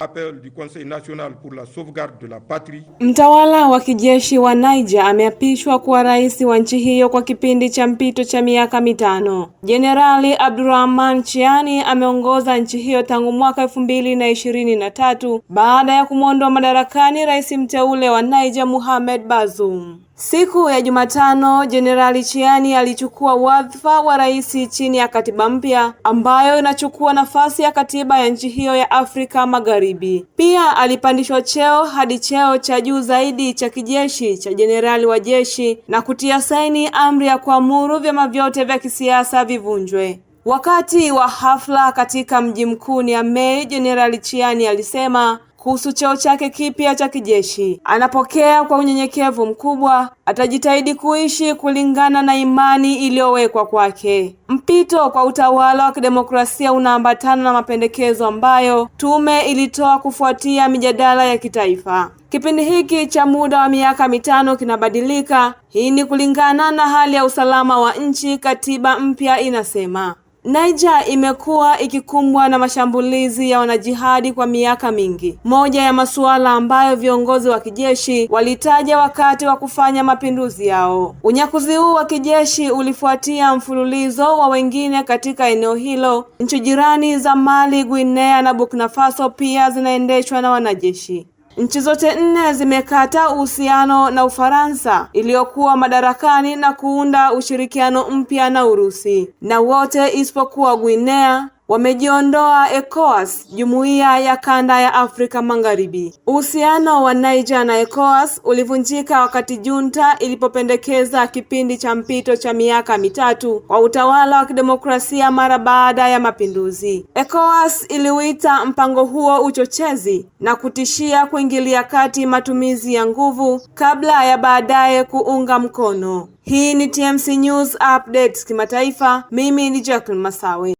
Appel du Conseil National pour la Sauvegarde de la Patrie. Mtawala wa kijeshi wa Niger ameapishwa kuwa rais wa nchi hiyo kwa kipindi cha mpito cha miaka mitano. Jenerali Abdurrahman Chiani ameongoza nchi hiyo tangu mwaka elfu mbili na ishirini na tatu baada ya kumwondoa madarakani rais mteule wa Niger Mohamed Bazoum. Siku ya Jumatano, Jenerali Chiani alichukua wadhifa wa rais chini ya katiba mpya ambayo inachukua nafasi ya katiba ya nchi hiyo ya Afrika Magharibi. Pia alipandishwa cheo hadi cheo cha juu zaidi cha kijeshi cha jenerali wa jeshi na kutia saini amri ya kuamuru vyama vyote vya kisiasa vivunjwe. Wakati wa hafla katika mji mkuu Niamey, Jenerali Chiani alisema kuhusu cheo chake kipya cha kijeshi. Anapokea kwa unyenyekevu mkubwa, atajitahidi kuishi kulingana na imani iliyowekwa kwake. Mpito kwa utawala wa kidemokrasia unaambatana na mapendekezo ambayo tume ilitoa kufuatia mijadala ya kitaifa. Kipindi hiki cha muda wa miaka mitano kinabadilika. Hii ni kulingana na hali ya usalama wa nchi, katiba mpya inasema. Niger imekuwa ikikumbwa na mashambulizi ya wanajihadi kwa miaka mingi. Moja ya masuala ambayo viongozi wa kijeshi walitaja wakati wa kufanya mapinduzi yao. Unyakuzi huu wa kijeshi ulifuatia mfululizo wa wengine katika eneo hilo. Nchi jirani za Mali, Guinea na Burkina Faso pia zinaendeshwa na wanajeshi. Nchi zote nne zimekata uhusiano na Ufaransa iliyokuwa madarakani na kuunda ushirikiano mpya na Urusi na wote isipokuwa Guinea wamejiondoa ECOWAS, jumuiya ya kanda ya Afrika Magharibi. Uhusiano wa Niger na ECOWAS ulivunjika wakati junta ilipopendekeza kipindi cha mpito cha miaka mitatu kwa utawala wa kidemokrasia mara baada ya mapinduzi. ECOWAS iliuita mpango huo uchochezi na kutishia kuingilia kati matumizi ya nguvu kabla ya baadaye kuunga mkono. Hii ni TMC News Updates kimataifa. Mimi ni Jacqueline Masawe.